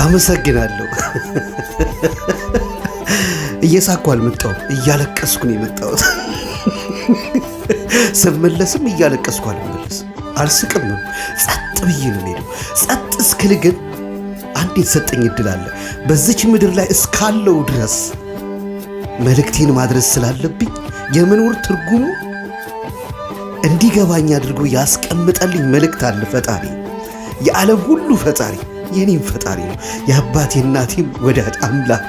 አመሰግናለሁ። እየሳኩ አልመጣሁም፣ እያለቀስኩ ነው የመጣሁት። ስመለስም እያለቀስኩ አልመለስም፣ አልስቅምም። ጸጥ ብዬ ነው ሄደው። ጸጥ እስክል ግን አንድ የተሰጠኝ እድል አለ። በዚች ምድር ላይ እስካለው ድረስ መልእክቴን ማድረስ ስላለብኝ የመኖር ትርጉሙ እንዲገባኝ አድርጎ ያስቀምጠልኝ መልእክት አለ ፈጣሪ፣ የዓለም ሁሉ ፈጣሪ የኔም ፈጣሪ ነው፣ የአባቴ እናቴም ወዳድ አምላክ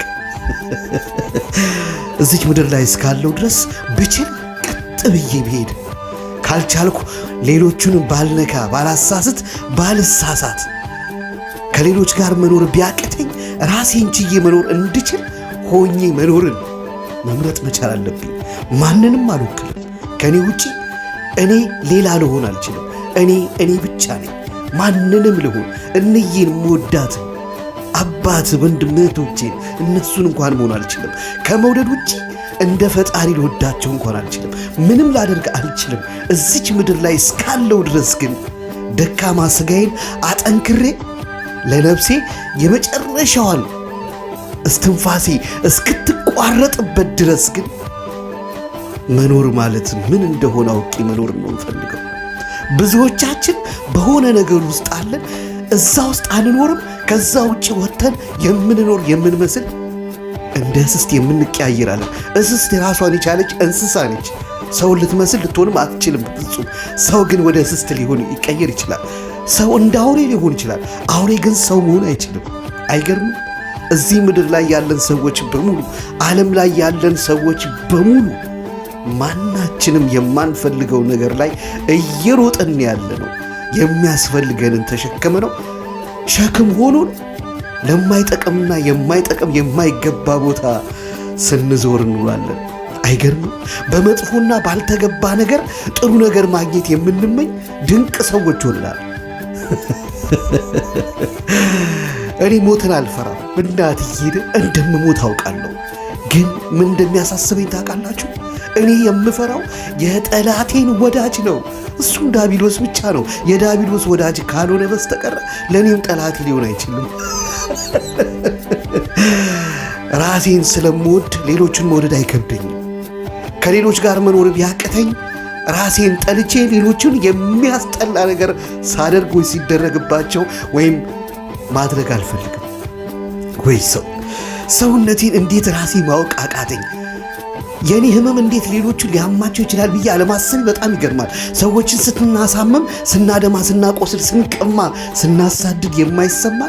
እዚች ምድር ላይ እስካለው ድረስ ብችል ቀጥ ብዬ ብሄድ ካልቻልኩ ሌሎቹን ባልነካ፣ ባላሳስት፣ ባልሳሳት ከሌሎች ጋር መኖር ቢያቅተኝ ራሴን ችዬ መኖር እንድችል ሆኜ መኖርን መምረጥ መቻል አለብኝ። ማንንም አልወክልም። ከእኔ ውጪ እኔ ሌላ ልሆን አልችልም። እኔ እኔ ብቻ ነኝ። ማንንም ልሁን እንዬን መወዳት አባት ወንድም እነሱን እንኳን መሆን አልችልም ከመውደድ ውጭ እንደ ፈጣሪ ልወዳቸው እንኳን አልችልም። ምንም ላደርግ አልችልም። እዚች ምድር ላይ እስካለው ድረስ ግን ደካማ ስጋዬን አጠንክሬ ለነፍሴ የመጨረሻዋን እስትንፋሴ እስክትቋረጥበት ድረስ ግን መኖር ማለት ምን እንደሆነ አውቄ መኖር ነው እንፈልገው። ብዙዎቻችን በሆነ ነገር ውስጥ አለን፣ እዛ ውስጥ አንኖርም። ከዛ ውጭ ወጥተን የምንኖር የምንመስል እንደ እስስት የምንቀያየራለን። እስስት ራሷን የቻለች እንስሳ ነች። ሰውን ልትመስል ልትሆንም አትችልም ፍጹም። ሰው ግን ወደ እስስት ሊሆን ይቀየር ይችላል። ሰው እንደ አውሬ ሊሆን ይችላል። አውሬ ግን ሰው መሆን አይችልም። አይገርምም? እዚህ ምድር ላይ ያለን ሰዎች በሙሉ ዓለም ላይ ያለን ሰዎች በሙሉ ማናችንም የማንፈልገው ነገር ላይ እየሮጠን ያለ ነው። የሚያስፈልገንን ተሸከመ ነው ሸክም ሆኖን ለማይጠቅምና የማይጠቅም የማይገባ ቦታ ስንዞር እንውላለን። አይገርምም? በመጥፎና ባልተገባ ነገር ጥሩ ነገር ማግኘት የምንመኝ ድንቅ ሰዎች ሆናል። እኔ ሞትን አልፈራም። እናትዬን እንደምሞት አውቃለሁ። ግን ምን እንደሚያሳስበኝ ታውቃላችሁ? እኔ የምፈራው የጠላቴን ወዳጅ ነው። እሱም ዳቢሎስ ብቻ ነው። የዳቢሎስ ወዳጅ ካልሆነ በስተቀር ለእኔም ጠላት ሊሆን አይችልም። ራሴን ስለምወድ ሌሎችን መውደድ አይከብደኝም። ከሌሎች ጋር መኖር ቢያቅተኝ ራሴን ጠልቼ ሌሎችን የሚያስጠላ ነገር ሳደርግ ወይ ሲደረግባቸው ወይም ማድረግ አልፈልግም። ወይ ሰው ሰውነቴን እንዴት ራሴ ማወቅ አቃተኝ። የእኔ ህመም እንዴት ሌሎቹ ሊያማቸው ይችላል ብዬ አለማሰብ በጣም ይገርማል። ሰዎችን ስትናሳምም፣ ስናደማ፣ ስናቆስል፣ ስንቀማ፣ ስናሳድድ የማይሰማ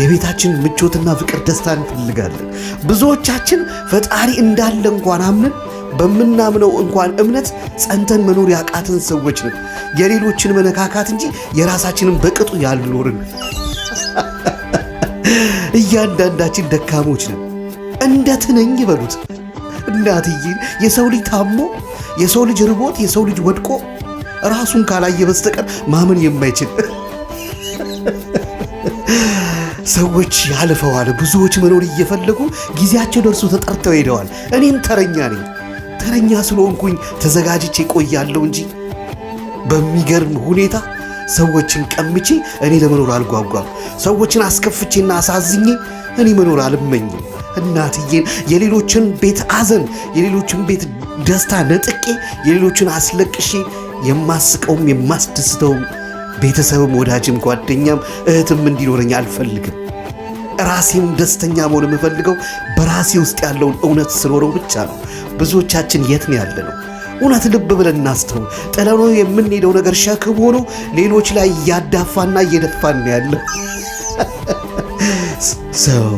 የቤታችን ምቾትና ፍቅር ደስታ እንፈልጋለን። ብዙዎቻችን ፈጣሪ እንዳለ እንኳን አምነን በምናምነው እንኳን እምነት ጸንተን መኖር ያቃተን ሰዎች ነን። የሌሎችን መነካካት እንጂ የራሳችንን በቅጡ ያልኖርን እያንዳንዳችን ደካሞች ነን። እንደ ትነኝ ይበሉት እናትዬን። የሰው ልጅ ታሞ፣ የሰው ልጅ ርቦት፣ የሰው ልጅ ወድቆ ራሱን ካላየ በስተቀር ማመን የማይችል ሰዎች ያልፈዋል። ብዙዎች መኖር እየፈለጉ ጊዜያቸው ደርሶ ተጠርተው ሄደዋል። እኔም ተረኛ ነኝ። ተረኛ ስለሆንኩኝ ተዘጋጅቼ ቆያለሁ እንጂ በሚገርም ሁኔታ ሰዎችን ቀምቼ እኔ ለመኖር አልጓጓም። ሰዎችን አስከፍቼና አሳዝኜ እኔ መኖር አልመኝም። እናትዬን የሌሎችን ቤት አዘን፣ የሌሎችን ቤት ደስታ ነጥቄ፣ የሌሎችን አስለቅሼ የማስቀውም የማስደስተውም ቤተሰብም ወዳጅም ጓደኛም እህትም እንዲኖረኝ አልፈልግም። ራሴም ደስተኛ መሆን የምፈልገው በራሴ ውስጥ ያለውን እውነት ስኖረው ብቻ ነው። ብዙዎቻችን የት ነው ያለ ነው? እውነት ልብ ብለን እናስተው። ጥለነው የምንሄደው ነገር ሸክም ሆኖ ሌሎች ላይ እያዳፋና እየደፋን ያለው ሰው